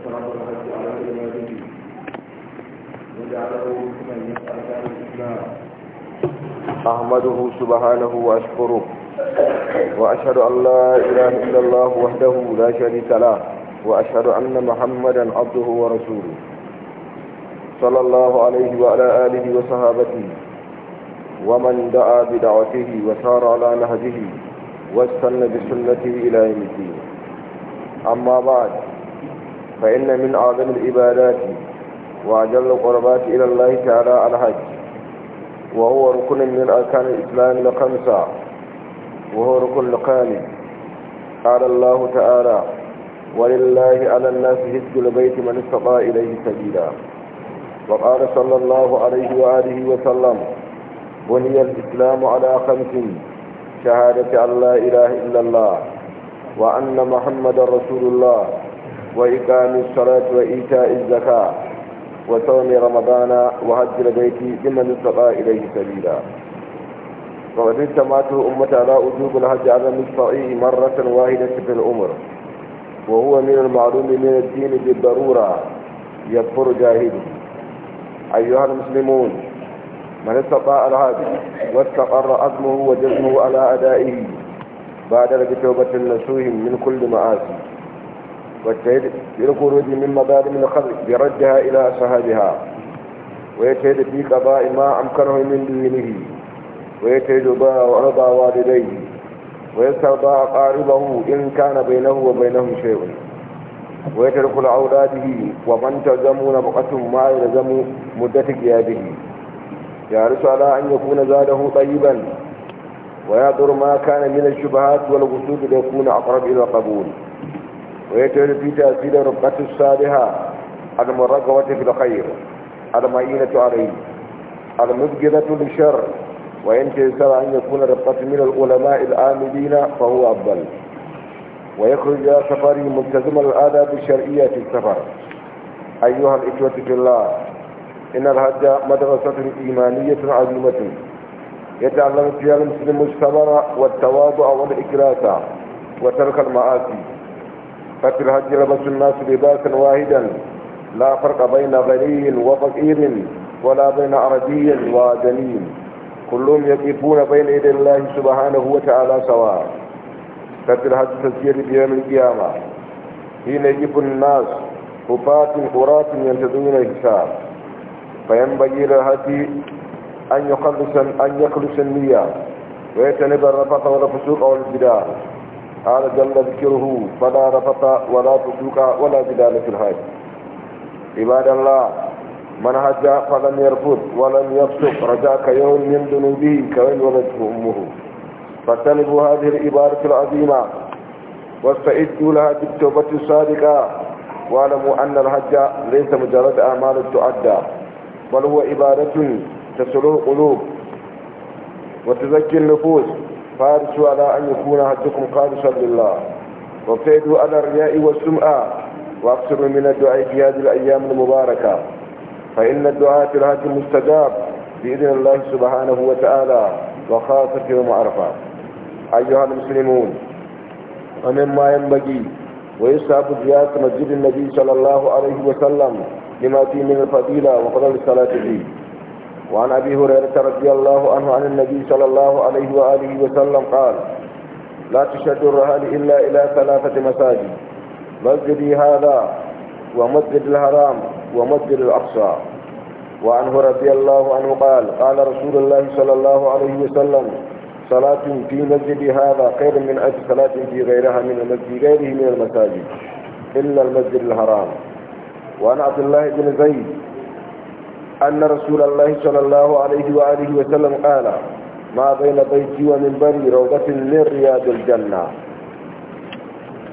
الصلاة والحج على عباده وجعله حكما يسأل الإسلام أحمده سبحانه وأشكره وأشهد أن لا إله إلا الله وحده لا شريك له وأشهد أن محمدا عبده ورسوله صلى الله عليه وعلى آله وصحابته ومن دعا بدعوته وسار على نهجه واستنى بسنته إلى يوم الدين أما بعد فإن من أعظم العبادات وأجل القربات إلى الله تعالى الحج وهو ركن من أركان الإسلام الخمسة وهو ركن القالب قال الله تعالى ولله على الناس حج البيت من استطاع إليه سبيلا وقال صلى الله عليه وآله وسلم بني الإسلام على خمس شهادة أن لا إله إلا الله وأن محمد رسول الله وإقام الصلاة وإيتاء الزكاة وصوم رمضان وهج البيت لمن استطاع إليه سبيلا وقد اجتمعته أمة لا وجوب الحج على المستطيع مرة واحدة في العمر وهو من المعلوم من الدين بالضرورة يكفر جاهل أيها المسلمون من استطاع الهدي واستقر عزمه وجزمه على أدائه بعد بتوبة نسوه من كل مآسي واجتهد في الخروج من مظالم الخلق بردها إلى سهادها ويجتهد في قضاء ما أمكنه من دينه ويجتهد ورضى والديه ويسترضى أقاربه إن كان بينه وبينهم شيء ويترك لأولاده ومن تلزموا نفقتهم ما يلزم مدة قيابه يحرص على أن يكون زاده طيبا ويعذر ما كان من الشبهات والغسوس ليكون أقرب إلى القبول ويجعل في تأثير ربة الصالحة المرغبة في الخير المعينة عليه المبغضة للشر وإن تيسر أن يكون ربة من العلماء الآمدين فهو أفضل ويخرج إلى سفره ملتزم الآداب الشرعية في السفر أيها الإخوة في الله إن الحج مدرسة إيمانية عظيمة يتعلم فيها المسلم الصبر والتواضع والإكلاس وترك المعاصي ففي الحج لبس الناس لباسا واحدا لا فرق بين غني وفقير ولا بين عربي وادني كلهم يقفون بين يدي الله سبحانه وتعالى سواء ففي الحج تسجيل بيوم القيامة حين يجب الناس حفاة قراة ينتظرون الحساب فينبغي للهدي أن يخلص أن يخلص النية ويتنبى الرفق والفسوق والبدار قال جل ذكره فلا رفط ولا فسوق ولا جدال في الحج عباد الله من حج فلم يرفض ولم يفسق رجاك يوم من ذنوبه كوين ولدته امه فاجتنبوا هذه العبادة العظيمة واستعدوا لها بالتوبة الصادقة واعلموا أن الحج ليس مجرد أعمال تؤدى بل هو عبادة تسلو القلوب وتزكي النفوس فارسوا على أن يكون هدكم قادسا لله وابتعدوا على الرياء والسمعة واكثروا من الدعاء في هذه الأيام المباركة فإن الدعاء في الهدي المستجاب بإذن الله سبحانه وتعالى وخاصة يوم عرفة أيها المسلمون ومما ينبغي ويسعب زيارة مسجد النبي صلى الله عليه وسلم لما فيه من الفضيلة وفضل الصلاة فيه وعن أبي هريرة رضي الله عنه عن النبي صلى الله عليه وآله وسلم قال لا تشد الرهان إلا إلى ثلاثة مساجد مسجدي هذا ومسجد الحرام ومسجد الأقصى وعنه رضي الله عنه قال قال رسول الله صلى الله عليه وسلم صلاة في مسجدي هذا خير من أجل صلاة في غيرها من المسجد غيره من المساجد إلا المسجد الحرام وعن عبد الله بن زيد أن رسول الله صلى الله عليه وآله وسلم قال ما بين بيتي ومنبري روضة من رياض الجنة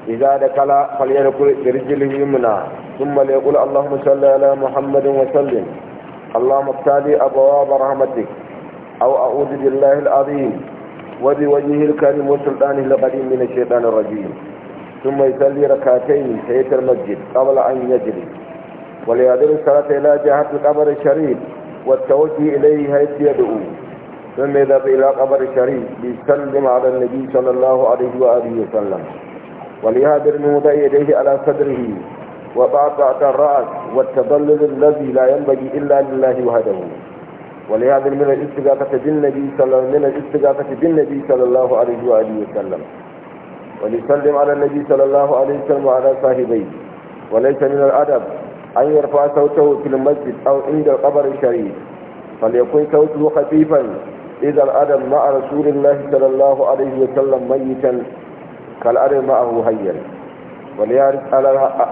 إذا دخل فليقل برجله يمنى ثم ليقول اللهم صل على محمد وسلم اللهم افتح أبواب رحمتك أو أعوذ بالله العظيم وبوجهه الكريم وسلطانه القديم من الشيطان الرجيم ثم يصلي ركعتين في المسجد قبل أن يجري وليادر الصلاة إلى جهة القبر الشريف والتوجه إليه حيث يدعو ثم يذهب إلى قبر الشريف ليسلم على النبي صلى الله عليه وآله وسلم وليادر الموضع إليه على صدره بعد الرأس والتضلل الذي لا ينبغي إلا لله وحده ولهذا من الاستغاثة بالنبي صلى من الاستغاثة بالنبي صلى الله عليه وآله وسلم وليسلم على النبي صلى الله عليه وسلم وعلى صاحبيه وليس من الأدب أن يرفع صوته في المسجد أو عند القبر الشريف فليكن صوته خفيفا إذا الأدم مع رسول الله صلى الله عليه وسلم ميتا كالأدم معه هيا وليعرف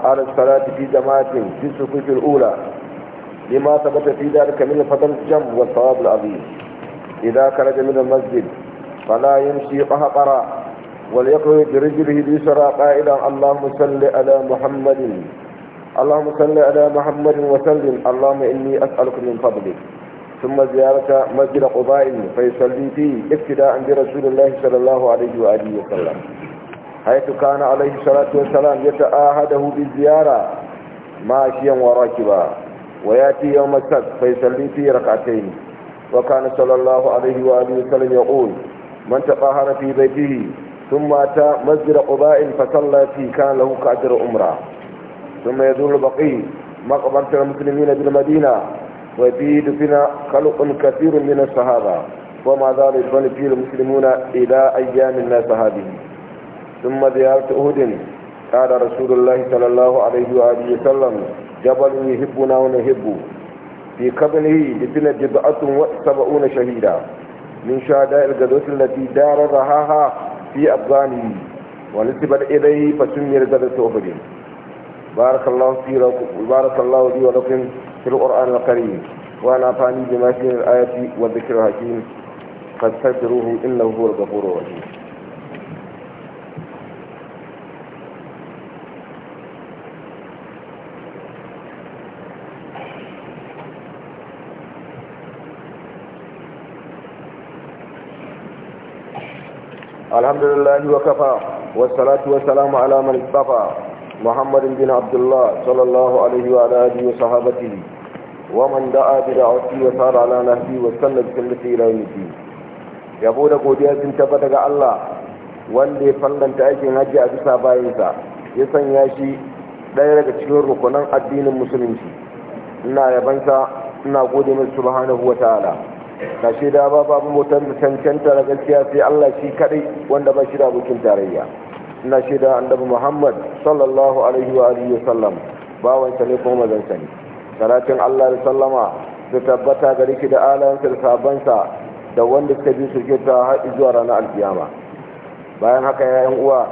على الصلاة في جماعة في الصفوف الأولى لما ثبت في ذلك من فضل الجم والصواب العظيم إذا خرج من المسجد فلا يمشي قهقرا وليقرأ برجله اليسرى قائلا اللهم صل على محمد اللهم صل على محمد وسلم اللهم إني أسألك من فضلك ثم زيارة مسجد قباء فيصلي فيه ابتداء برسول الله صلى الله عليه وآله وسلم حيث كان عليه الصلاة والسلام يتآهده بالزيارة ماشيا وراكبا ويأتي يوم السبت فيصلي فيه ركعتين وكان صلى الله عليه وآله وسلم يقول من تطهر في بيته ثم أتى مسجد قباء فصلى فيه كان له كأجر أمره ثم يزول البقي مقبرة المسلمين بالمدينة ويزيد فينا خلق كثير من الصحابة زال ذلك فيه المسلمون إلى أيام الناس هذه ثم زيارة أهد قال رسول الله صلى الله عليه وآله وسلم جبل يهبنا ونهب في قبله لفنا جبعة وسبعون شهيدا من شهداء الغزوة التي دار رهاها في أبغانه ونسبت إليه فسمي غزوة أهد بارك الله في بارك الله لي ولكم في القرآن الكريم وأنا أعطاني بما فيه الآية والذكر الحكيم فاستغفروه إنه هو الغفور الرحيم الحمد لله وكفى والصلاة والسلام على من اصطفى محمد بن عبد الله صلى الله عليه وعلى آله وصحابته ومن دعا بدعوته وصار على نهجه واستنى بسنته إلى يوم الدين yabo da godiya sun ga Allah wanda ya fallanta aikin hajji a bisa bayansa ya sanya shi ɗaya daga cikin rukunan addinin musulunci ina yabansa ina gode masa subhanahu wa ta'ala ka da ba babu motar da cancanta da gaskiya sai Allah shi kaɗai wanda ba shi da abokin tarayya ina shaida annabi muhammad sallallahu alaihi wa alihi wa sallam ne kuma mazansa ne salatin allah da sallama da tabbata gare shi da alayansa da sa da wanda suka bi su ta har zuwa ranar alkiyama bayan haka ya uwa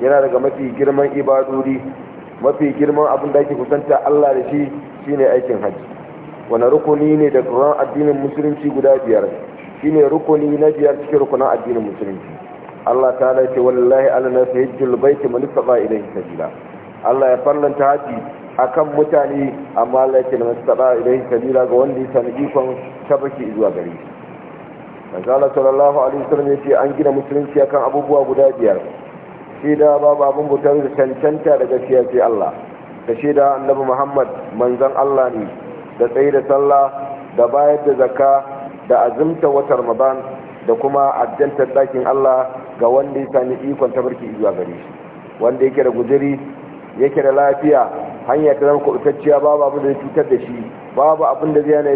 yana daga mafi girman ibaduri, mafi girman abin da ake kusanta allah da shi shine aikin hajji wani rukuni ne da ruwan addinin musulunci guda biyar shine rukuni na biyar cikin rukunan addinin musulunci Allah ta ce wallahi ala nasu hijjul baiti man idan ilayhi sabila Allah ya fallanta haji kan mutane amma laifi na ce man idan ilayhi sabila ga wanda ya sami ikon tabaki zuwa gari Manzala sallallahu alaihi wasallam ya ce an gina musulunci akan abubuwa guda biyar shaida babu abin butar da cancanta da gaskiya sai Allah da shaida annabi Muhammad manzon Allah ne da tsaye da sallah da bayar da zakka da azumta watar Ramadan da kuma addantar dakin Allah ga wanda ya sami ikon tabarki zuwa gare shi wanda yake da guzuri yake da lafiya hanya ta zama kubutacciya babu abin da ya cutar da shi babu abin da zai yana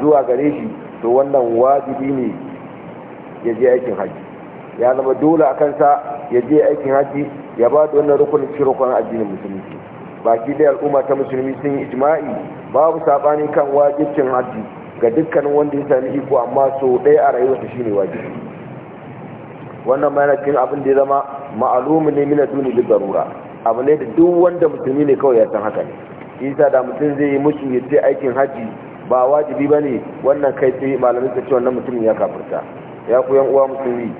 zuwa gare shi to wannan wajibi ne ya je aikin haji ya zama dole a kansa ya je aikin haji ya ba da wannan rukunin cikin rukunin addinin musulunci baki da al'umma ta musulmi sun yi ijma'i babu saɓani kan wajibcin haji ga dukkanin wanda ya sami iko amma so ɗaya a rayuwarsa shine wajibi wannan ma yana cikin abin da ya zama ma'alumin ne mina duni duk garura abu ne da duk wanda musulmi ne kawai ya san haka ne isa da mutum zai yi mutum ya ce aikin hajji ba wajibi ba ne wannan kai tsaye malamin ta ce wannan mutum ya kafirta ya ku yan uwa musulmi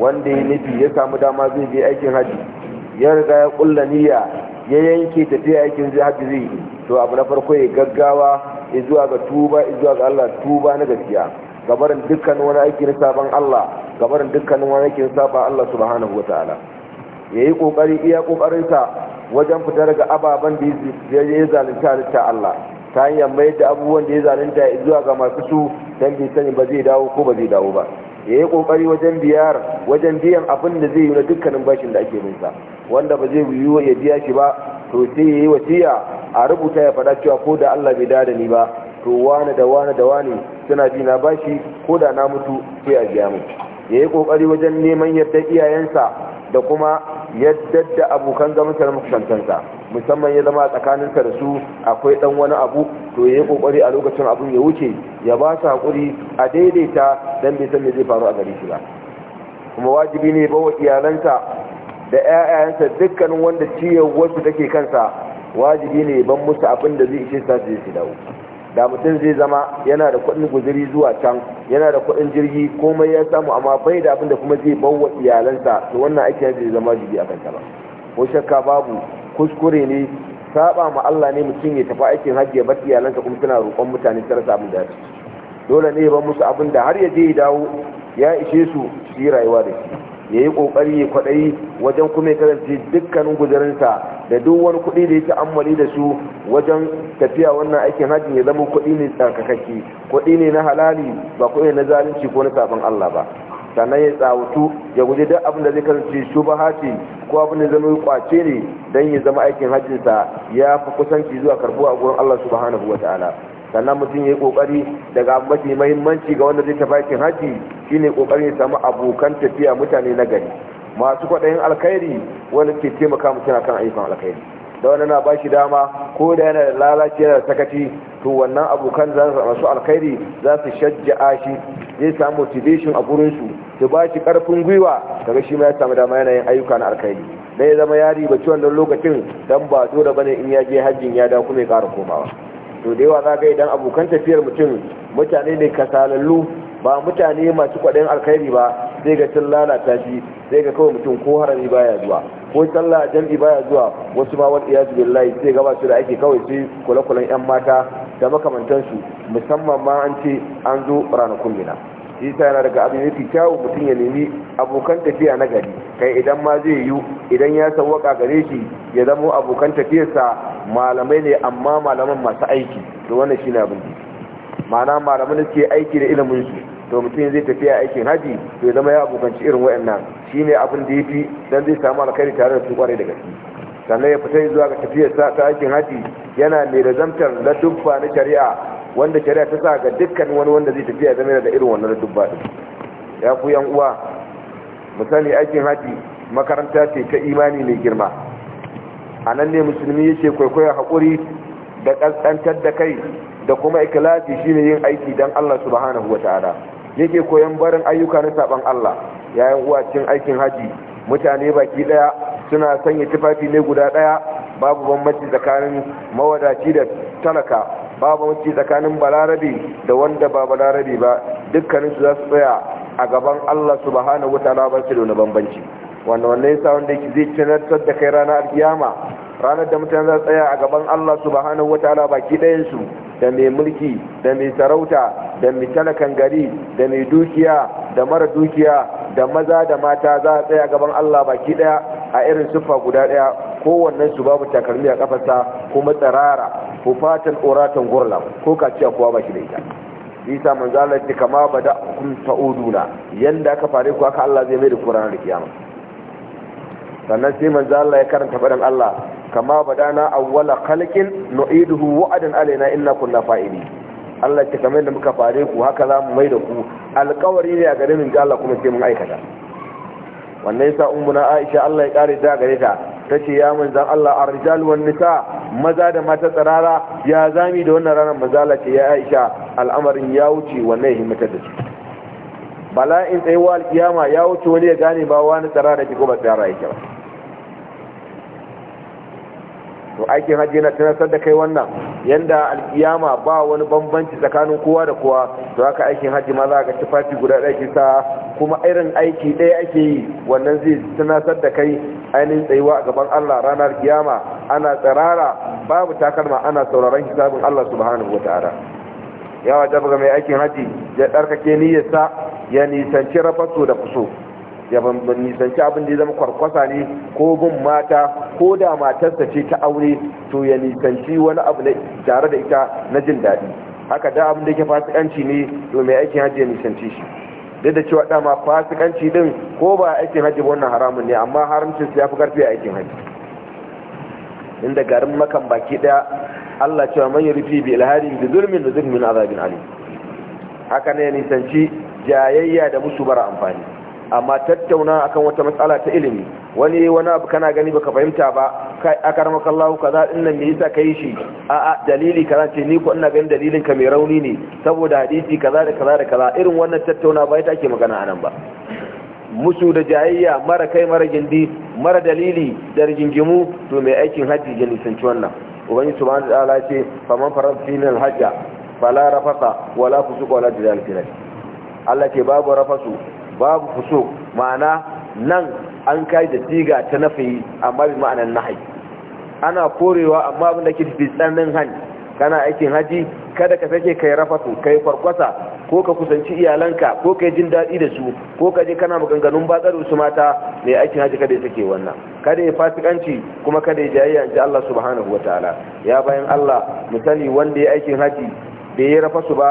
wanda ya nufi ya samu dama zai je aikin haji ya riga ya kulla niyya ya yanke tafiya aikin zai haji zai to abu na farko ya gaggawa ya zuwa ga tuba ya zuwa ga Allah tuba na gaskiya gabarin dukkanin wani aiki na saban Allah gabarin dukkanin wani aiki na saba Allah subhanahu wataala yayi kokari iya kokarinsa wajen fitar ga ababan da ya zalunta ta Allah ta hanyar mai da abubuwan da ya zalunta zuwa ga masu su dan bai sani ba zai dawo ko ba zai dawo ba yayi kokari wajen biyar wajen biyan abin da zai yi na dukkanin bashin da ake minsa wanda ba zai yiwu ya biya shi ba to sai yayi wasiya a rubuta ya fada cewa ko da Allah bai dada ni ba to wani da wani da wani suna bi na bashi ko da na mutu sai a biya mu ya yi kokari wajen neman yadda iyayensa da kuma yadda da abokan zamantar makusantansa musamman ya zama tsakaninsa da su akwai dan wani abu to ya yi kokari a lokacin abun ya wuce ya ba su haƙuri a daidaita dan bai san me zai faru a gare shi ba kuma wajibi ne bawa iyalansa da 'ya'yansa dukkanin wanda ciyar wasu take kansa wajibi ne ban musu abin da zai ishe sa su dawo da mutum zai zama yana da kuɗin guziri zuwa can yana da kuɗin jirgi komai ya samu amma bai da abin da kuma zai bawa iyalansa to wannan aikin zai zama jibi a kanta ba ko shakka babu kuskure ne saba ma Allah ne mutum ya tafi aikin hajji ya bar iyalansa kuma suna roƙon mutane su rasa abin da dole ne ya bar musu abin da har ya je ya dawo ya ishe su su yi rayuwa da shi ya yi kokari ya kwaɗayi wajen kuma ya kasance dukkanin guzarinsa da duk wani kuɗi da ya ta'ammali da su wajen tafiya wannan aikin hajjin ya zama kuɗi ne tsarkakakki kuɗi ne na halali ba kuɗi na zalunci ko na sabon Allah ba sannan ya tsawutu ya guji duk abin da zai kasance ba ce ko abin da zama kwace ne don ya zama aikin hajjinsa ya fi kusanci zuwa karbuwa a gurin Allah subhanahu wa ta'ala sannan mutum ya yi kokari daga mafi mahimmanci ga wanda zai tafi aikin haji shine kokari ya samu abokan tafiya mutane na gari masu kwaɗayin alkhairi wanda ke taimaka mutum akan ayyukan alkhairi da wani na ba shi dama ko da yana da lalace yana da sakaci to wannan abokan za su masu alkhairi za su shajja'a shi zai samu motivation a gurin su ba shi karfin gwiwa daga shi ma ya samu dama yanayin ayyuka na alkhairi na ya zama yari ba ciwon don lokacin dan ba da bane in ya je hajjin ya da kuma ya kara komawa to da yawa za ga idan abokan tafiyar mutum mutane ne kasalallu ba mutane masu kwaɗin alkhairi ba sai ga sun lalata shi sai ga kawai mutum ko harami baya zuwa ko sallah jam'i baya zuwa wasu ma wani iyadu billahi sai ga ba su da ake kawai sai kula-kulan yan mata da makamantansu musamman ma an ce an zo ranakun mina isa yana daga abin mafi kyawun mutum ya nemi abokan tafiya na gari kai idan ma zai yiwu idan ya sauwaka gare shi ya zama abokan tafiyarsa malamai ne amma malaman masu aiki to wannan shi ne abin ma'ana malaman da suke aiki da ilimin su to mutum zai tafiya aikin haji to ya zama ya abokanci irin wayannan ne abin da yafi dan zai samu alkhairi tare da su kwarai da gaske sannan ya fita zuwa ga tafiyarsa ta aikin haji yana mai da zamtar na dubba na shari'a wanda shari'a ta sa ga dukkan wani wanda zai tafiya zama da irin wannan dubba din ya ku yan uwa misali aikin haji makaranta ce ta imani mai girma a nan ne musulmi yake kwaikwayo haƙuri da ƙasƙantar da kai da kuma ikilasi shine yin aiki don Allah subhanahu wa ta'ala yake koyon barin ayyuka na saban Allah yayin uwa cikin aikin haji mutane baki ɗaya suna sanya tufafi ne guda ɗaya babu bambanci tsakanin mawadaci da talaka babu wuce tsakanin Balarabi da wanda ba Balarabi ba dukkaninsu za su tsaya a gaban Allah subhanahu wataala ba su da wani bambanci wanda wanda yasa wanda yake zai tunatar da kai ranar alkiyama ranar da mutane za su tsaya a gaban Allah subhanahu wataala baki ɗayansu su da mai mulki da mai sarauta da mai talakan gari da mai dukiya da mara dukiya da maza da mata za a tsaya a gaban Allah baki ɗaya a irin siffa guda ɗaya kowannen su babu takalmi a kafarsa matsarara ko fatan uratan gurla ko kaciya kuwa ba shi da ita isa manzala ta kama ba da kun ta'uduna yanda aka fare ku aka Allah zai mai da ku da kiyama sannan sai manzala ya karanta faɗin Allah kama na awwala khalqin nu'iduhu wa'adan alaina inna kunna fa'ili Allah ta kama da muka fare ku haka za mu mai da ku alƙawari ne a gare mu Allah kuma sai mun aikata wannan yasa ummuna Aisha Allah ya kare da gare ta ta ce ya manzan Allah a rijal wan nisa maza da mata tsarara ya zami da wannan ranar mazala ce ya aisha al'amarin ya wuce wannan ya himmata da su bala'in tsayuwa alkiyama ya wuce wani ya gane ba wani tsirara ke ko ba tsirara yake ba to aikin hajji yana tunasar da kai wannan yanda alkiyama ba wani bambanci tsakanin kowa da kowa to haka aikin hajji ma za ka ci fati guda ɗaya sa kuma irin aiki ɗaya ake yi wannan zai tunasar da kai ainihin tsayuwa a gaban Allah ranar kiyama ana tsirara babu takalma ana sauraron hisabin Allah subhanahu wataala ya wajaba mai aikin hajji ya tsarkake niyyarsa ya nisanci rafasu da kuso ya nisanci abin da ya zama kwarkwasa ne ko bin mata ko da matarsa ce ta aure to ya nisanci wani abu tare da ita na jin daɗi haka da abin da ke fasikanci ne to mai aikin hajji ya nisanci shi duk da cewa dama fasikanci din ko ba aikin hajji wannan haramun ne amma haramcin su ya fi karfi a aikin hajji inda garin makan baki daya Allah cewa man yurfi bi alhari bi zulmin nuzul azabin alim haka ne ya nisanci jayayya da musu bara amfani amma tattauna akan wata matsala ta ilimi wani wani abu kana gani baka fahimta ba kai akar lahu kaza dinnan nan me yasa kai shi a a dalili kaza ce ni ko ina ganin dalilin ka mai rauni ne saboda hadisi kaza da kaza da kaza irin wannan tattauna ba ita ke magana anan ba musu da jayayya mara kai mara gindi mara dalili da rigingimu to mai aikin haji ya nisanci wannan ubangi subhanahu wa ta'ala ce faman farat fil hajja fala rafasa wala fusuqa wala jidal fil Allah ke babu rafasu babu fuso ma'ana nan an kai da siga ta nafi amma bi ma'anan nahi ana korewa amma abin da ke fi tsananin hani kana aikin haji kada ka sake kai rafatu kai farkwasa ko ka kusanci iyalanka ko kai jin daɗi da su ko ka je kana maganganun batsar su mata mai aikin haji kada ya sake wannan kada ya fasikanci kuma kada ya jayayya ji Allah subhanahu wataala ya bayan Allah misali wanda ya aikin haji bai yi rafasu ba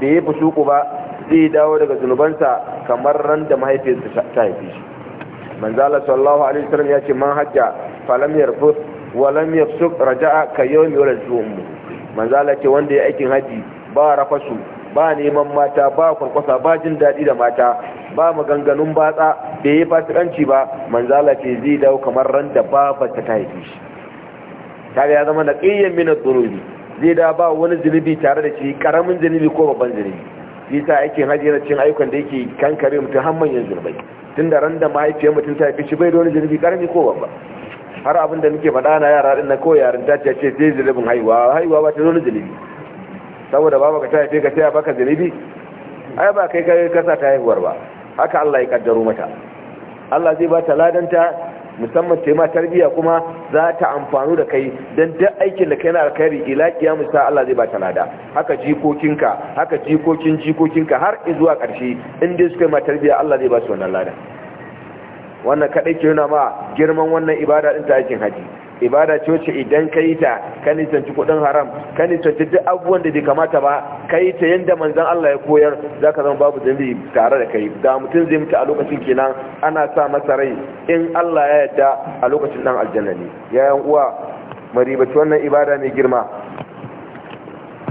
bai yi fusuku ba zai dawo daga zunubansa kamar ran da mahaifiyarsa ta haife shi manzala sallallahu alaihi wasallam ya ce man hajja falam yarfus wa lam yafsuk raja'a ka yawmi waladtu ummu manzala ce wanda ya aikin haji ba rafasu ba neman mata ba kwarkwasa ba jin daɗi da mata ba maganganun batsa bai yi fasikanci ba manzala ce zai dawo kamar ran da babarta ta haife shi ta ya zama da ƙiyyan minar zunubi zai da ba wani zunubi tare da shi ƙaramin zunubi ko babban zunubi shi sa aikin hajji yana cin ayyukan da yake kankare mutum har manyan zurbai tun da ran da mahaifiyar mutum ta haifi shi bai da wani zunubi karami ko babba har abin da muke faɗa na yara ɗin na ko yaran ta ce zai zurbin haihuwa haihuwa ba ta zo zunubi saboda ba ka ta haife ka sai baka zunubi ai ba kai kai kasa ta haihuwar ba haka Allah ya kaddaro mata Allah zai ba ta ladanta musamman ta ma tarbiyya kuma za ta amfanu da kai don duk aikin da kai na alkhairi ila kiyamu sa Allah zai ba ta lada haka jikokinka haka jikokin jikokinka har zuwa ƙarshe in dai suka ma tarbiyya Allah zai ba su wannan lada wannan kadai ke nuna ma girman wannan ibada din ta aikin haji ibada ce wacce idan ka yi ta ka nisanci kudin haram ka nisanci duk abubuwan da bai kamata ba ka yi ta yadda manzan Allah ya koyar za ka zama babu yi tare da kai da mutum zai mutu a lokacin kenan ana sa masa rai in Allah ya yarda a lokacin dan aljanna ne yayan uwa maribaci wannan ibada mai girma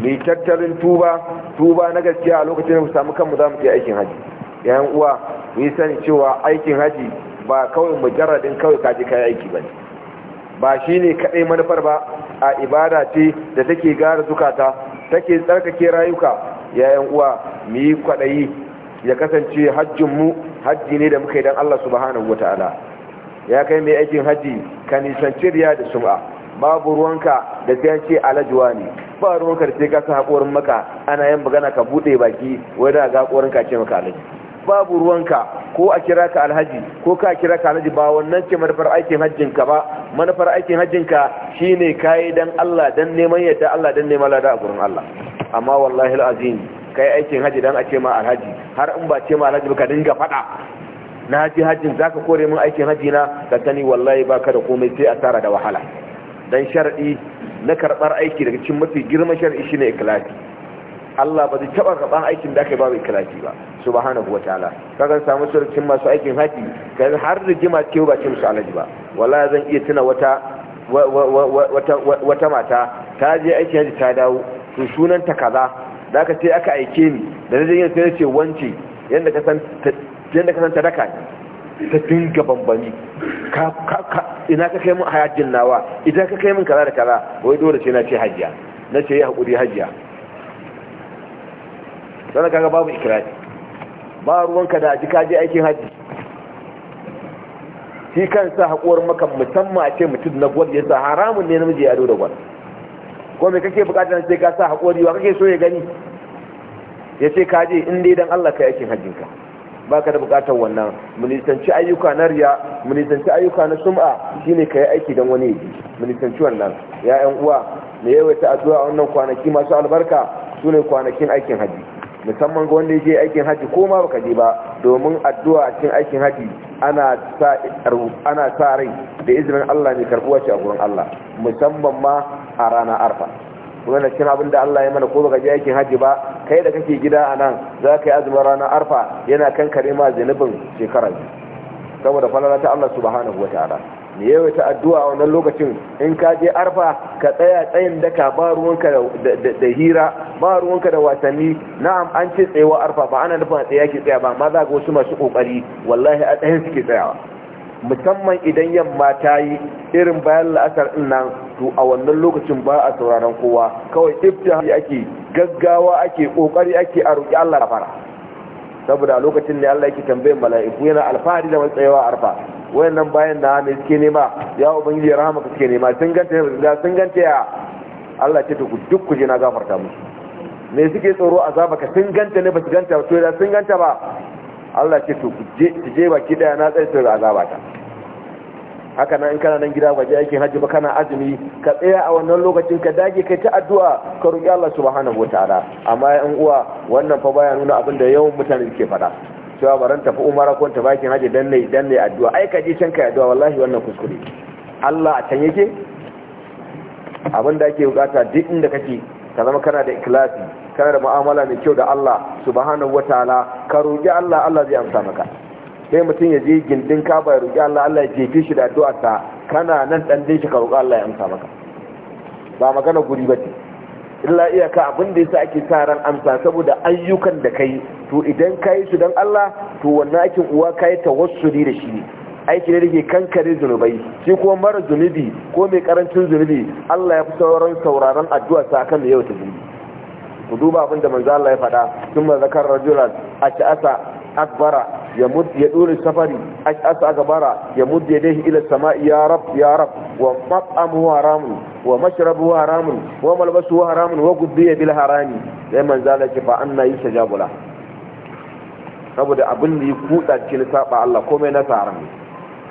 mai tattalin tuba tuba na gaskiya a lokacin da mu samu kanmu za mu iya aikin haji yayan uwa mu yi sani cewa aikin haji ba kawai mujarradin kawai kaji kayan aiki ba ne ba shi ne kaɗai manufar ba a ibada ce da take gara zukata take tsarkake rayuka yayan uwa mu yi kwaɗayi ya kasance hajjinmu hajji ne da muka yi don Allah subhanahu wa ta'ala ya kai mai aikin hajji ka nisanci riya da sum'a babu ruwanka da sai ce alajuwa ne ba ruwanka da sai ka sa haƙorin maka ana yin magana ka buɗe baki wai da ga haƙorin ka ce maka alaji babu ruwanka ko a kira ka alhaji ko ka kira ka alhaji ba wannan ce manufar aikin hajjinka ba manufar aikin ka shine kai dan Allah dan neman yadda Allah dan neman lada a gurin Allah amma wallahi alazim kai aikin haji dan a ce ma alhaji har in ba ce ma alhaji ba ka dinga fada na ji hajjin zaka kore min aikin haji na ka sani wallahi baka da komai sai asara da wahala dan shar'i na karbar aiki daga cikin mafi girman shar'i shine ikhlasi Allah ba zai taɓa karɓan aikin da aka yi mai ikirafi ba subhanahu wataala kaga samu surukin masu aikin haji kaga har rigima ke ba ce musu alaji ba wallahi zan iya tuna wata wata mata ta je aikin haji ta dawo to sunan ta kaza da aka ce aka aike ni da na jirgin sai ce wance yadda ka san ta daka ta dinga bambami ina ka kai mun hajjin nawa idan ka kai mun kaza da kaza wai dole sai na ce hajjia na ce ya hakuri hajjia sana kaga babu ikirari ba ruwanka da ji je aikin haji shi kansa haƙuwar maka musamman a ce mutum na gwal ya sa haramun ne namiji ya da gwal ko me kake bukatar sai ka sa yi wa kake so ya gani ya ce ka je in dai dan Allah ka aikin hajjinka ba ka da bukatar wannan munisanci ayyuka na riya munisanci ayyuka na sum'a shine ka yi aiki dan wani yaji munisanci wannan ya uwa me yawaita addu'a wannan kwanaki masu albarka sune kwanakin aikin hajji musamman ga wanda yake aikin haji ko ma baka je ba domin addu'a a cikin aikin haji ana sa ana sa rai da izinin Allah ne karbuwa ce a gurin Allah musamman ma a rana arfa kuma cikin abin da Allah ya mana ko baka je aikin haji ba kai da kake gida a nan za ka yi azumin rana arfa yana kankare ma zunubin shekarar saboda falala ta Allah subhanahu wataala da yawaita addu'a a wannan lokacin in ka je arfa ka tsaya tsayin daka ba ruwanka da hira ba ruwanka da wasanni na'am an ce tsayawa arfa ba ana nufin a tsaya ke tsaya ba amma za ga wasu masu kokari wallahi a tsayin suke tsayawa musamman idan yamma ta yi irin bayan la'asar din nan to a wannan lokacin ba a sauraron kowa kawai ifta ake gaggawa ake kokari ake a roƙi Allah fara saboda lokacin ne Allah yake tambayin mala'iku yana alfahari da matsayawa arfa wayannan bayan na ne suke nema ya ubangiji ya rahama suke nema sun ganta ga sun ganta ya Allah ce to ku duk ku je na gafarta musu me suke tsoro azaba ka sun ganta ne ba su ganta ba to da sun ganta ba Allah ce to ku je je baki daya na tsaye da azaba ta haka nan in kana nan gida waje aikin hajji ba kana azumi ka tsaya a wannan lokacin ka dage kai ta addu'a ka roki Allah subhanahu wataala amma yan uwa wannan fa baya nuna abin da yawan mutane suke faɗa cewa baran tafi umara ko ta bakin hajji dan ne dan ne addu'a ai ka je can addu'a wallahi wannan kuskure Allah a can yake abin da ake bukata duk inda kake ka zama kana da ikhlasi kana da mu'amala mai kyau da Allah subhanahu wataala ka roki Allah Allah zai amsa maka sai mutum ya je gindin kaba ya roƙi Allah Allah ya jefe shi da addu'ar ta kana nan dan din shi ka roƙi Allah ya amsa maka ba magana guri bace illa iyaka abin da yasa ake sa ran amsa saboda ayyukan da kai to idan kai su dan Allah to wannan aikin uwa kai tawassuli da shi aiki ne da ke kankare zunubai shi kuma mara zunubi ko mai karancin zunubi Allah ya fi sauran sauraron addu'a ta kan da yau ta zunubi ku duba abin da manzo Allah ya faɗa sun ma zakar rajulan a asa akbara ya mud ya duri safari asa gabara ya mud yadayhi ila samai ya rab ya rab wa mat'amuhu haramun wa mashrabuhu haramun wa malbasuhu haramun wa guddiya bil harami sai manzo Allah ce fa anna yusajabu la saboda abin da ya kuda cikin saba Allah komai na haram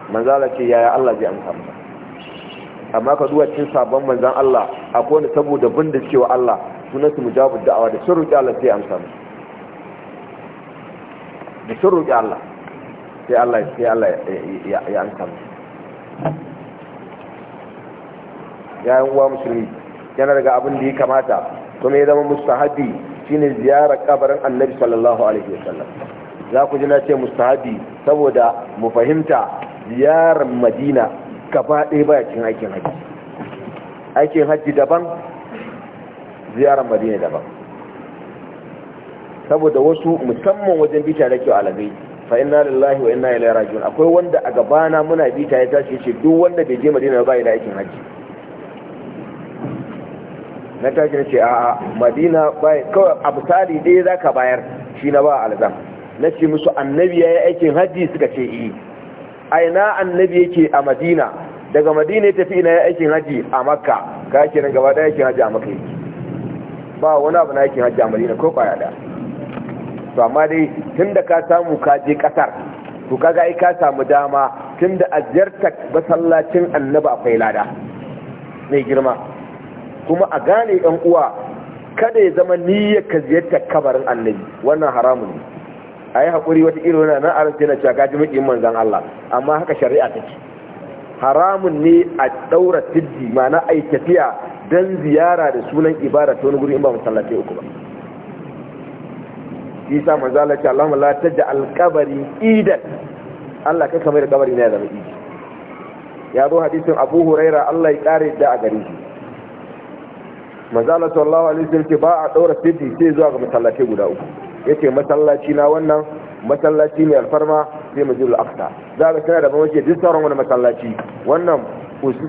manzo Allah ce yaya Allah zai amsa masa amma ka duba cikin sabon manzan Allah akwai wanda saboda bin cewa Allah sunansu mujabu da'awa da shiru roƙi Allah zai amsa mu. da shi roƙi Allah sai Allah sai Allah ya amsa uwa musulmi yana daga abin da ya kamata kuma ya zama mustahabi shine ziyarar kabarin annabi sallallahu alaihi wasallam za ku ji na ce mustahabi saboda mu fahimta ziyarar madina gaba ɗaya baya cin aikin haji aikin haji daban ziyarar madina daban saboda wasu musamman wajen bita da kyau alagai fa inna lillahi wa inna ilaihi raji'un akwai wanda a gabana muna bita ya tashi ce duk wanda bai je madina ba ya da aikin haji na tashi na ce a madina ba kawai a misali dai za ka bayar shi na ba alzam na ce musu annabi ya yi aikin haji suka ce eh aina annabi yake a madina daga madina ya tafi ina ya aikin haji a makka ka kenan gaba da aikin haji a makka yake ba wani abu na aikin haji a madina ko kwaya daya to amma dai tunda ka samu ka je kasar to kaga ai ka samu dama tunda a ziyartar masallacin annaba akwai lada mai girma kuma a gane yan uwa kada ya zama niyyar ka ziyarta kabarin annabi wannan haramun ne a yi wata irin wannan na arziki na cewa gaji maƙin manzan Allah amma haka shari'a take haramun ne a ɗaura tiddi ma'ana a yi tafiya don ziyara da sunan ibada ta wani guri in ba masallatai uku ba shi sa manzo Allah ya Allahumma la taj'al qabri idan Allah ka kamar kabari na ya zama idi ya zo hadisin Abu Huraira Allah ya kare da a gare shi manzo Allah alaihi wasallam ba a daura sirri sai zuwa ga masallaci guda uku yace masallaci na wannan masallaci ne alfarma sai masjidul aqsa za ka kana da bambanci duk sauran wani masallaci wannan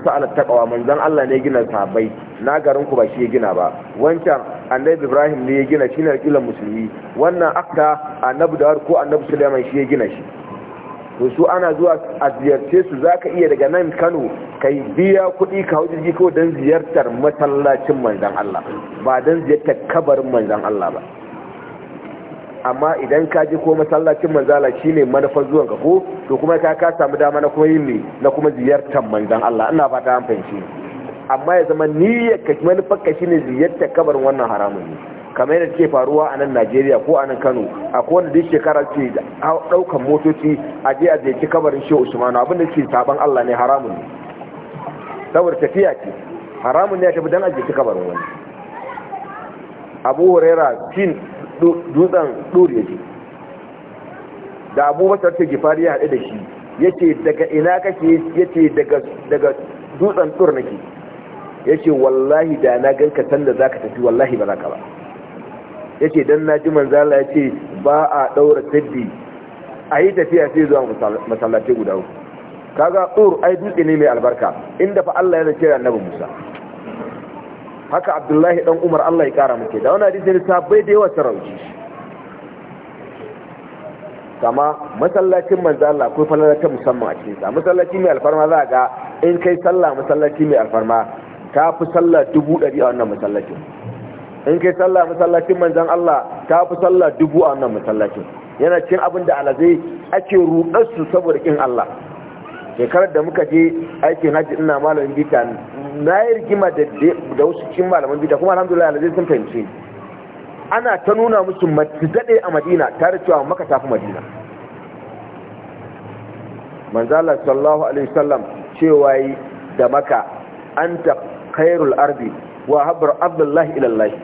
sa ala taqwa manzon Allah ne gina sabai? na garin ku ba shi ya gina ba wancan annabi Ibrahim ne ya gina shi ne musulmi wannan akka annabi Dawud ko annabi Sulaiman shi ya gina shi to su ana zuwa a ziyarce su zaka iya daga nan Kano kai biya kuɗi ka hau jirgi ko dan ziyartar masallacin manzon Allah ba dan ziyartar kabarin manzon Allah ba amma idan ka je ko masallacin manzala ne manufar zuwan ka ko to kuma ka ka samu dama na kuma yin na kuma ziyartar manzan Allah ina fata an fahimci amma ya zama niyyar ka manufar ka ne ziyartar kabarin wannan haramun ne kamar yadda ke faruwa a nan Najeriya ko a nan Kano a wanda duk shekara ce daukan motoci a je a ziyarci kabarin Shehu Usman abin da ke saban Allah ne haramun ne saboda tafiya ce haramun ne ya tafi dan a ziyarci kabarin wani Abu Huraira tin. dutsen ɗuri ya ce da abubakar ce gifari ya haɗu da shi ya ce daga ina kake ya ce daga dutsen ɗur nake ya ce wallahi da na ganka sanda za ka tafi wallahi ba za ka ba ya ce don na ji manzala ya ce ba a ɗaura tabbi a yi tafiya sai zuwa masallatai guda uku kaga ɗur ai dutse ne mai albarka inda fa Allah ya zance annabi Musa haka abdullahi dan umar allah ya kara muke da wani hadisi ne sabai da yawa sarauci kama masallacin manzo Allah akwai falala ta musamman a cikin sa masallaci mai alfarma za ga in kai sallah masallaci mai alfarma ta fi sallah dubu ɗari a wannan masallacin in kai sallah masallacin manzon Allah ta fi sallah dubu a wannan masallacin yana cin abin da alazai ake ruɗarsu saboda kin Allah shekarar da muka je aikin hajji ina malamin bita na yi rigima da wasu cikin malaman bida kuma alhamdulillah alazai sun fahimci ana ta nuna musu daɗe a madina tare cewa maka tafi madina manzala Sallahu alaihi sallam cewa yi da maka an ta khairul wahabar wa habbar abdullahi ilallahi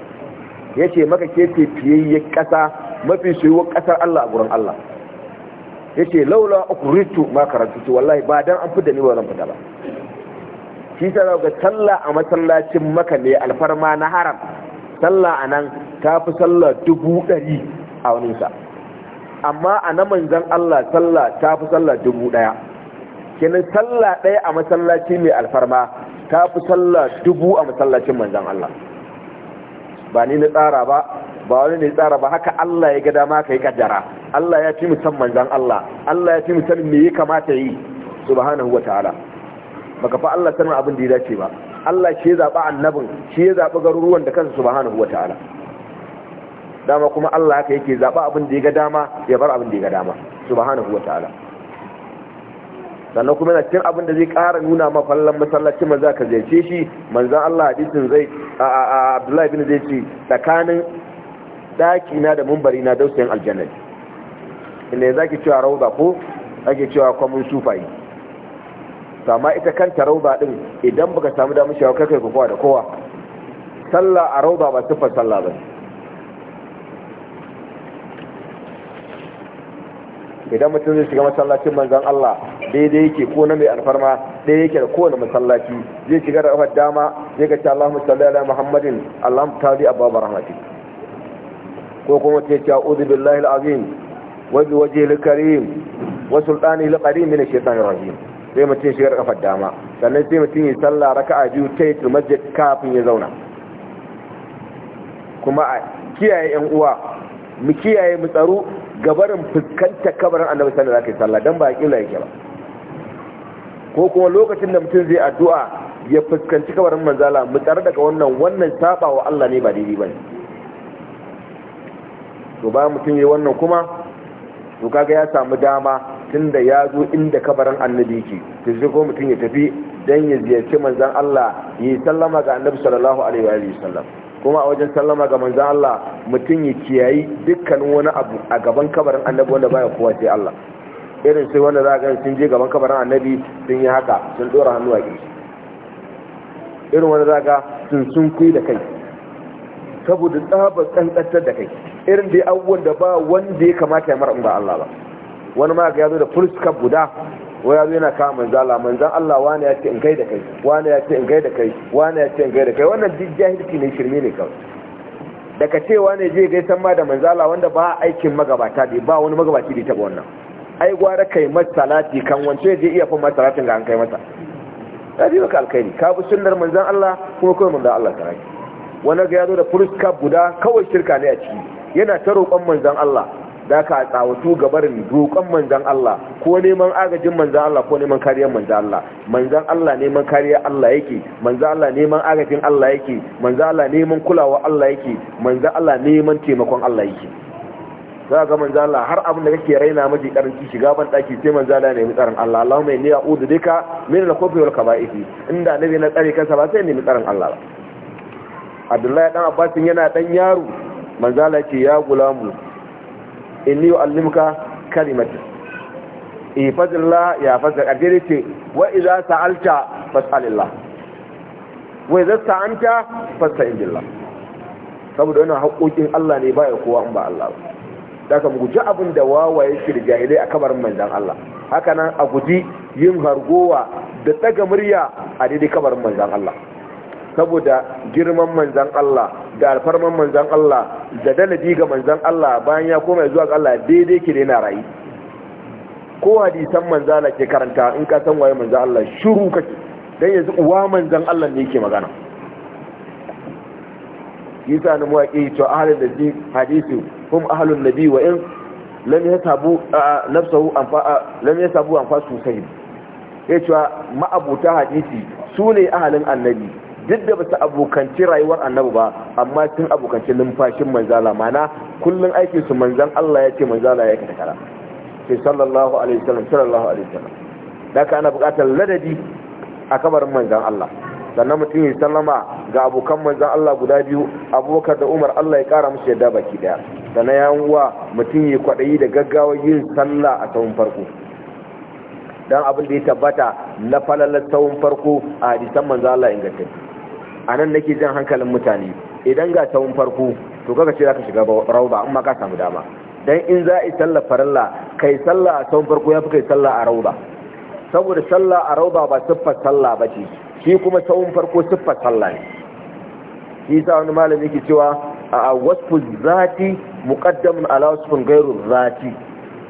ya ce maka ke ce fiyayyen ƙasa mafi soyuwar ƙasar allah a gurin allah ya ce laula uku ritu makarantu wallahi ba dan an fi da ni ba zan fita ba shi ta ga sallah a masallacin maka ne alfarma na haram sallah a nan ta fi sallah dubu ɗari a wani sa amma a na manzan Allah sallah ta fi sallah dubu ɗaya kenan sallah ɗaya a masallaci mai alfarma ta fi sallah dubu a masallacin manzan Allah ba ni na tsara ba ba wani ne tsara ba haka Allah ya ga dama ka yi kaddara Allah ya fi musamman manzan Allah Allah ya fi musamman me ya kamata yi subhanahu wa ta'ala baka fa Allah sanin abin da ya dace ba Allah shi ya zaba annabin shi ya zaɓi garuruwan da kansa subhanahu wataala dama kuma Allah haka yake zaba abin da ya ga dama ya bar abin da ya ga dama subhanahu wataala sannan kuma na cikin abin da zai ƙara nuna ma fallan masallaci manzo ka ziyarce shi manzon Allah hadisin zai Abdullahi bin zai ce tsakanin daki na da mumbari na dausayin aljanna inda zaki cewa rauda ko ake cewa kwamun sufai to amma ita kanta rauba din idan baka samu damar shawo kai kai kowa da kowa sallah a rauba ba siffar sallah ba idan mutum zai shiga masallacin manzon Allah daidai yake ko na mai alfarma daidai yake da kowane masallaci zai shiga da kafar dama zai ga ta Allahumma salli ala Muhammadin Allahumma tali abba rahmatik ko kuma ta ce a'udhu billahi al-azim wa bi wajhihi al-karim wa sultani al-qadim min ash-shaytanir rajim sai mutum shigar kafar dama sannan sai mutum yi sallah raka'a biyu ta yi turmajid kafin ya zauna kuma a kiyaye yan uwa mu kiyaye mu tsaro gabarin fuskanta kabarin annabi sallallahu alaihi wasallam sallah dan ba kila yake ba ko kuma lokacin da mutum zai addu'a ya fuskanci kabarin manzala mu tsare daga wannan wannan saba wa Allah ne ba daidai bane to ba mutum yayi wannan kuma to kaga ya samu dama da ya zo inda kabarin annabi yake to shi ko mutum ya tafi don ya ziyarci manzan Allah yi sallama ga annabi sallallahu alaihi wa sallam kuma a wajen sallama ga manzan Allah mutum ya kiyayi dukkanin wani abu a gaban kabarin annabi wanda baya kowa sai Allah irin sai wanda za gani sun je gaban kabarin annabi sun yi haka sun dora hannu a kirki irin wanda za ga sun sun kuyi da kai saboda tsabar kankantar da kai irin dai abubuwan da ba wanda ya kamata ya mara in ba Allah ba wani ma ya zo da fuskar guda wa ya zo yana kama manzala manzan Allah wani ya ce in kai da kai wani ya ce in kai da kai wani ya ce in kai da kai wannan duk jahilci ne shirme ne kawai daga cewa ne je gaisan ma da manzala wanda ba aikin magabata ne ba wani magabaci da taba wannan ai gwara kai masalati kan wance je iya fin masalatin ga an kai masa ya ji maka alkhairi ka bi sunnar manzan Allah kuma kawai manzan Allah raki. wani ga ya zo da fuskar guda kawai shirka ne a ciki yana ta roƙon manzan Allah da ka tsawatu gabarin roƙon manzan Allah ko neman agajin manzan Allah ko neman kariyar manzan Allah manzan Allah neman kariyar Allah yake manzan Allah neman agajin Allah yake manzan Allah neman kulawa Allah yake manzan Allah neman taimakon Allah yake za ga manzan Allah har abin da kake raina miji karanci shiga ban daki sai manzan Allah ne mi tsaron Allah Allahumma inni a'udhu bika min al-kufri wal kaba'ith inda nabi na tsare kansa ba sai ne mi tsaron Allah Abdullahi dan Abbas yana dan yaro manzo Allah ce ya gulamu inni yu'allimuka kalimati ifadillah ya fadl kadiri wa idza sa'alta fas'alillah wa idza sa'anta fas'alillah saboda wannan haƙoƙin Allah ne ba ya kowa in ba Allah ba daga mu guji abin da wawaye shi da jahilai a kabarin manzon Allah haka nan a guji yin hargowa da tsaga murya a daidai kabarin manzon Allah saboda girman manzan Allah da alfarman manzan Allah da daladi ga manzan Allah bayan ya koma zuwa ga Allah daidai ke na rayu ko hadisan manzan Allah ke karanta in ka san waye manzan Allah shiru kake dan yanzu uwa manzan Allah ne yake magana yasa ni muwaki to ahlul ladhi hadisi hum ahlun nabi wa in lam yasabu nafsuhu anfa lam yasabu anfasu sayyid yace ma'abuta hadisi su ne ahalin annabi duk da basu abokanci rayuwar annabi ba amma sun abokanci numfashin manzala mana kullun aikin su manzan Allah ya ce manzala ya kata kara sai sallallahu alaihi wasallam sallallahu alaihi wasallam da ka ana buƙatar ladabi a kabarin manzan Allah sannan mutum ya sallama ga abokan manzan Allah guda biyu abubakar da umar Allah ya kara musu yadda baki daya sannan ya uwa mutum ya kwaɗayi da gaggawa yin sallah a tsawon farko Dan abin da ya tabbata na falalar tsawon farko a hadisan manzan Allah ingantattu a nan nake jan hankalin mutane idan ga tawun farko to kaka ce zaka shiga rauba, amma ka samu dama dan in za a sallar farilla kai sallah a tawun farko yafi kai sallah a rauba. saboda sallah a rauba ba siffar sallah ba ce shi kuma tawun farko siffar sallah ne shi sa wani malami yake cewa a wasfu zati muqaddamun ala wasfin ghairu zati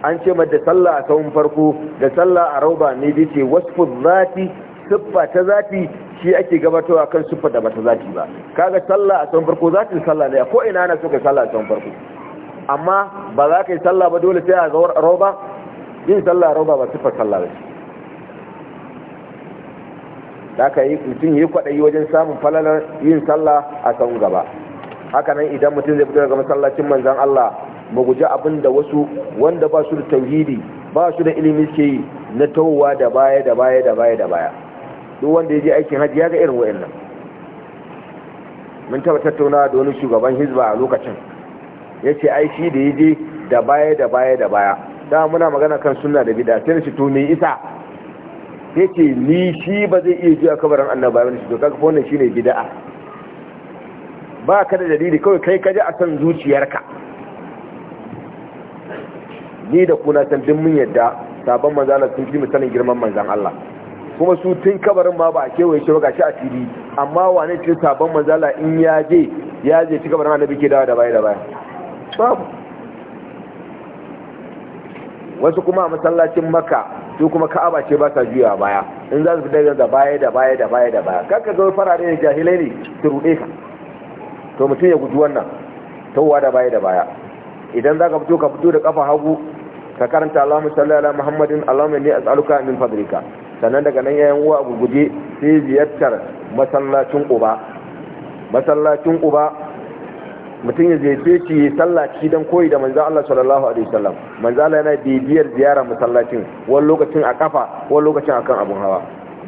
an ce da sallah a tawun farko da sallah a rauba ne dace wasfu zati siffa ta zati shi ake gabatowa kan siffar da bata zati ba kaga sallah a can farko zati sallah ne ko ina ana so ka sallah a can farko amma ba za ka yi sallah ba dole sai a ga roba yin sallah roba ba siffar sallah ba da ka yi mutum yi kwaɗayi wajen samun falalar yin sallah a can gaba haka nan idan mutum zai fito daga masallacin manzan Allah mu guji abin da wasu wanda ba su da tauhidi ba su da ilimi ke yi na tauwa da baya da baya da baya da baya duk wanda ya je aikin hajji ya ga irin wayannan mun taba tattauna da wani shugaban hizba a lokacin ya ce ai da ya je da baya da baya da baya da muna magana kan sunna da bid'a sai shi tuni me isa ya ce ni shi ba zai iya zuwa kabarin annabawa ba shi to kaga wannan shine bid'a ba ka da dalili kawai kai ka ji a san zuciyarka ni da kuna san din mun yadda sabon manzana sun fi misalin girman manzan Allah kuma su tun kabarin ma ba a kewaye shi ba gashi a fili amma wane ce sabon manzala in ya je ya je ci kabarin annabi ke dawa da baya da baya babu wasu kuma a masallacin maka su kuma ka'aba ce ba sa juya baya in za su fi da baya da baya da baya da baya kaka zo farare ne jahilai ne su rude ka to mutum ya guji wannan tauwa da baya da baya idan za ka fito ka fito da kafa hagu ka karanta Allahumma salli ala Muhammadin Allahumma inni as'aluka min fadlika sannan daga nan yayin uwa abu guje sai ziyartar masallacin uba masallacin uba mutum ya ziyarce shi sallaci don koyi da manzo Allah sallallahu alaihi wasallam manzo Allah yana bibiyar ziyara masallacin wani lokacin a kafa wani lokacin akan abun hawa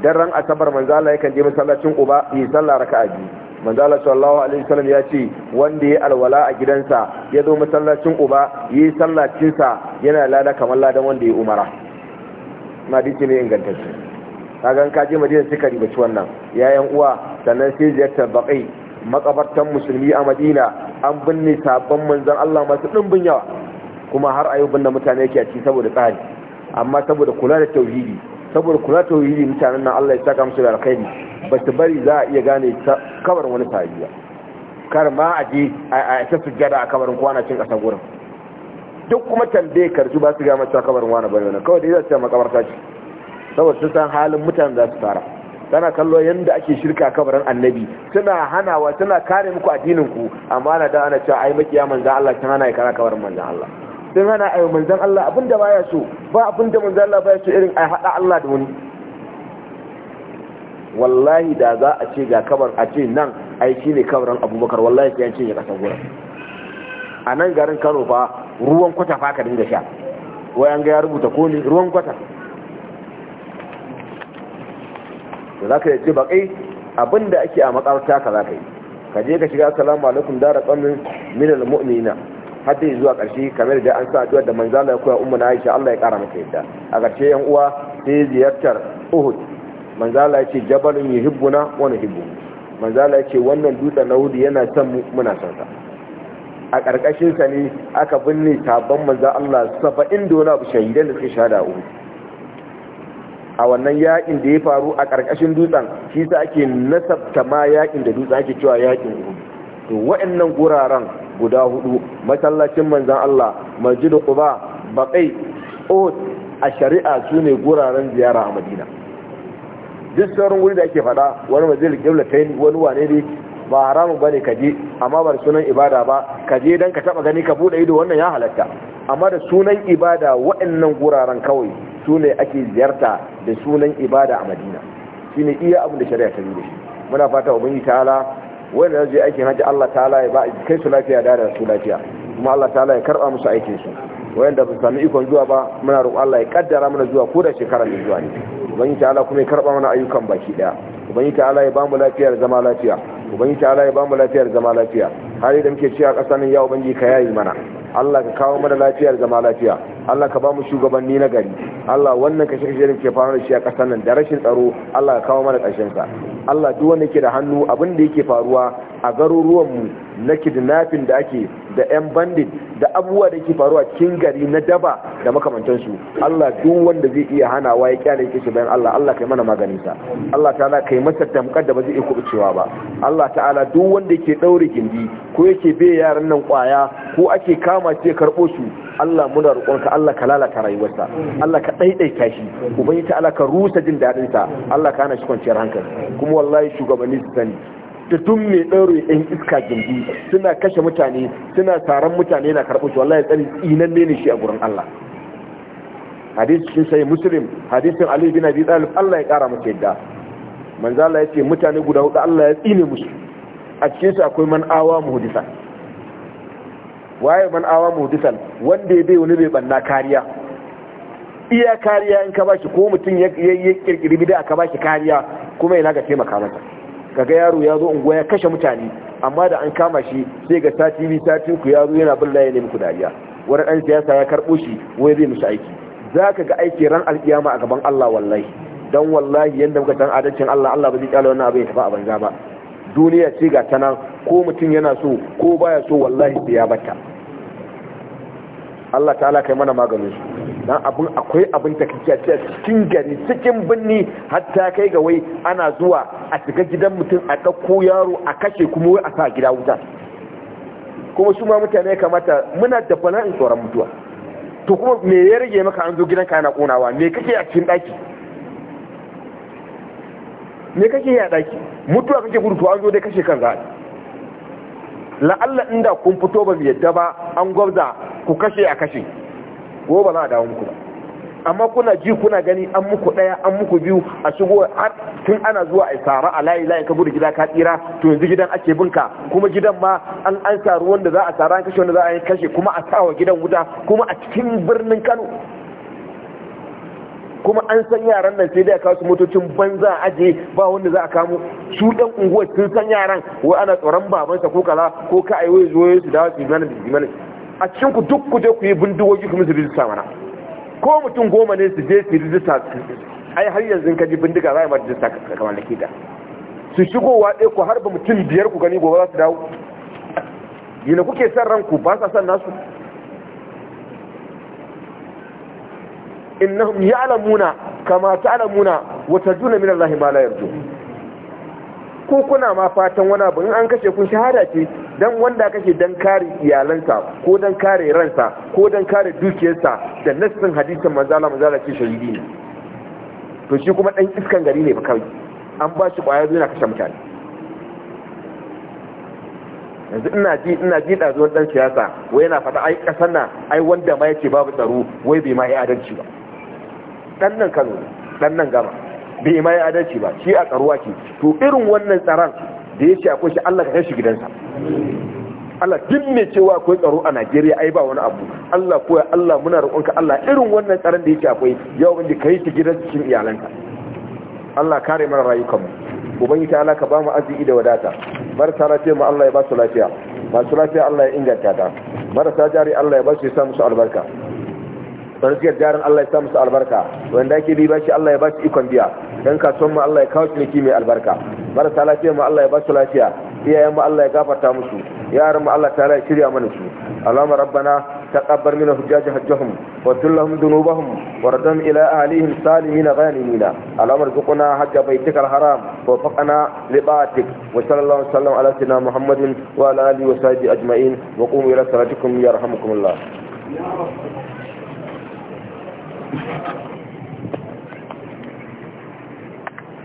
dan ran asabar manzo Allah yakan je masallacin uba yi sallah raka'a biyu manzo Allah sallallahu alaihi wasallam ya ce wanda ya alwala a gidansa ya zo masallacin uba yi sallacinsa yana lada kamar ladan wanda ya umara ma dinki ne ingantacce kagan ka je madina sai ka ribaci wannan yayan uwa sannan sai ziyartar baƙai makabartan musulmi a madina an binne sabon manzon Allah masu ɗimbin yawa kuma har a yau binne mutane yake a ci saboda tsari amma saboda kula da tauhidi saboda kula da tauhidi mutanen nan Allah ya saka musu da alkhairi ba su bari za a iya gane kabar wani sahiya kar ma a je a ta sujjada a kabarin kwana cin ƙasa gurin duk kuma tambaye karsu ba su gama mata kabarin wani bane wannan kawai dai za su ce makabarta ce saboda sun san halin mutanen za su fara tana kallo yadda ake shirka kabarin annabi suna hanawa suna kare muku addinin ku amma na da ana cewa ai makiya manzan Allah tun hana ya kara kabarin manzan Allah sun hana ai manzan Allah abinda ba ya so ba abinda manzan Allah baya so irin ai hada Allah da wani wallahi da za a ce ga kabar a ce nan ai shine kabarin Abubakar wallahi sai an ce ya kasan gura a nan garin Kano fa ruwan kwata fa ka dinga sha wai ga ya rubuta koli ruwan kwata da za ka yi ce baƙai abinda ake a makarta ka za ka yi ka je ka shiga assalamu alaikum da tsamin minal mu'minina hadda dai zuwa ƙarshe kamar da an sa addu'ar da manzo Allah ya koya ummu na Aisha Allah ya ƙara maka yadda a ƙarshe yan uwa sai ziyartar Uhud manzo Allah ya ce jabalun yuhibbuna wa wani manzo Allah ya ce wannan dutsen Uhud yana son mu muna son sa a ƙarƙashin sa ne aka binne taban manzo Allah saba'in da wani abu shahidan da suka shahada uku a wannan yakin da ya faru a ƙarƙashin dutsen shi sa ake nasabta ma yakin da dutsen ake cewa yakin uku to waɗannan guraren guda hudu masallacin manzon Allah masjid Quba Baqi Uhud a shari'a sune guraren ziyara a Madina duk sauran wuri da ake faɗa wani mazil kibla ta wani wane ne ba haramun bane ka je amma ba sunan ibada ba ka je dan ka taba gani ka bude ido wannan ya halatta amma da sunan ibada waɗannan guraren kawai su ake ziyarta da sunan ibada a madina shine iya abin da shari'a ta da muna fata ubangiji ta'ala wanda zai aikin haji Allah ta'ala ya ba kai su lafiya da su lafiya kuma Allah ta'ala ya karba musu aikin su wayanda ba sami ikon zuwa ba muna roƙon Allah ya kaddara mana zuwa ko da shekara mai zuwa ne ta Allah kuma ya karba mana ayyukan baki daya ta Allah ya bamu lafiyar zama lafiya ta Allah ya bamu lafiyar zama lafiya hali da muke ci a ƙasa nan ya ubangiji ka yayi mana Allah ka kawo mana lafiyar zama lafiya Allah ka ba mu shugabanni na gari Allah wannan kashe kashe da ke faruwa shi a ƙasar nan da rashin tsaro Allah ka kawo mana ƙarshen sa Allah duk wanda yake da hannu abin da yake faruwa a garuruwan mu na kidnapping da ake da yan bandit da abubuwa da yake faruwa cikin gari na daba da makamantansu Allah duk wanda zai iya hanawa ya kyale yake shi bayan Allah Allah kai mana maganin sa Allah ta'ala kai masa tamkar da ba zai iya cewa ba Allah ta'ala duk wanda yake daure gindi ko yake bai yaran nan kwaya ko ake kama kiyama ce karbo su Allah muna roƙonka Allah ka lalata rayuwarsa Allah ka ɗaiɗaita shi ubangi ta Allah rusa jin daɗin sa Allah ka hana shi kwanciyar hankali kuma wallahi shugabanni su sani da tun mai ɗaro ɗin ɗan iska gindi suna kashe mutane suna taron mutane na karɓo su wallahi tsari tsinan ne shi a gurin Allah hadisi sun sai muslim hadisin ali bin abi talib Allah ya kara masa yadda manzo Allah ya ce mutane guda hudu Allah ya tsine musu a cikin su akwai man awa muhdisa waye man awa mudisal wanda ya bai wani mai banna kariya iya kariya in ka bashi ko mutum ya kirkiri bida ka bashi kariya kuma yana ga taimaka mata kaga yaro ya zo unguwa ya kashe mutane amma da an kama shi sai ga sati biyu sati ku yaro yana bin laye ne muku dariya wani dan siyasa ya karbo shi wai zai musu aiki zaka ga aiki ran alkiyama a gaban Allah wallahi dan wallahi yanda muka san adalcin Allah Allah ba zai kyale wannan abin ya tafi a banza ba duniya ce ga ta ko mutum yana so ko baya so wallahi sai ya bata Allah ta ala kai mana maganin su dan abun akwai abin da kike a cikin gari cikin binni hatta kai ga wai ana zuwa a shiga gidan mutum a ɗauko yaro a kashe kuma wai a sa gida wuta kuma su ma mutane kamata muna da bala'in tsoron mutuwa to kuma me ya rage maka an zo gidan ka yana konawa me kake a cikin ɗaki me kake a ɗaki mutuwa kake gudu to an zo dai kashe kan za'a la'alla inda kun fito ba mu yadda ba an gwabza ku kashe a kashe ko ba za a dawo muku ba amma kuna ji kuna gani an muku ɗaya an muku biyu a shigo har tun ana zuwa a tsara a layi layi ka gudu gida ka tsira to yanzu gidan ake binka kuma gidan ma an an sa ruwan da za a tsara an kashe wanda za a yi kashe kuma a sawa gidan wuta kuma a cikin birnin Kano kuma an san yaran nan sai dai a kawo su motocin banza aje ba wanda za a kamo su dan unguwar sun san yaran wai ana tsoron babansa ko kaza ko ka wai zo su dawo su mana da a cikin ku duk ku je ku yi bindigogi kuma su rijista mana ko mutum goma ne su je su rijista ai har yanzu ka ji bindiga za a yi mata rijista kamar da kita su shigowa ɗaya ku harba mutum biyar ku gani gobe za su dawo yana kuke son ranku ba sa son nasu innahum ya'lamuna kama ta'lamuna wa tajuna min allahi ma la yarju ku kuna ma fatan wani abu in an kashe kun shahada ce dan wanda kake dan kare iyalansa ko dan kare ransa ko dan kare dukiyarsa da nassin hadisin mazala-mazala ce shahidi ne to shi kuma dan iskan gari ne ba kawai an ba shi kwaya zuwa kashe mutane yanzu ina ji ina ji da zuwan dan siyasa wai yana fada ai kasan nan ai wanda ma ce babu tsaro wai bai ma yi adalci ba dan nan Kano dan nan gama bai ma yi adalci ba shi a tsaro ake to irin wannan tsaron da ya ce akwai shi Allah ka shi gidansa Allah duk mai cewa akwai tsaro a Najeriya ai ba wani abu Allah koya Allah muna roƙonka Allah irin wannan tsaron da yake akwai yau wanda kai ki gidan cikin iyalanka Allah kare mana rayukanmu ta Allah ka ba mu arziki da wadata marasa lafiya mu Allah ya ba su lafiya masu lafiya Allah ya inganta ta marasa jari Allah ya ba su ya sa musu albarka bar jarin Allah ya sa musu albarka wanda yake bi shi Allah ya ba shi ikon biya dan kasuwan mu Allah ya kawo ciniki mai albarka marasa lafiya mu Allah ya ba su lafiya iyayen mu Allah ya gafarta musu yaran mu Allah ta ya shirya mana su Allahumma rabbana taqabbal minna hujjaj hajjahum wa tullahum dunubahum wa radhum ila ahlihim salimin ghanimina Allahumma rzuqna hajj baitikal haram wa faqana li ba'tik wa sallallahu sallam ala sayyidina Muhammadin wa ala alihi ajma'in wa qumu ila salatikum yarhamukumullah Thank you.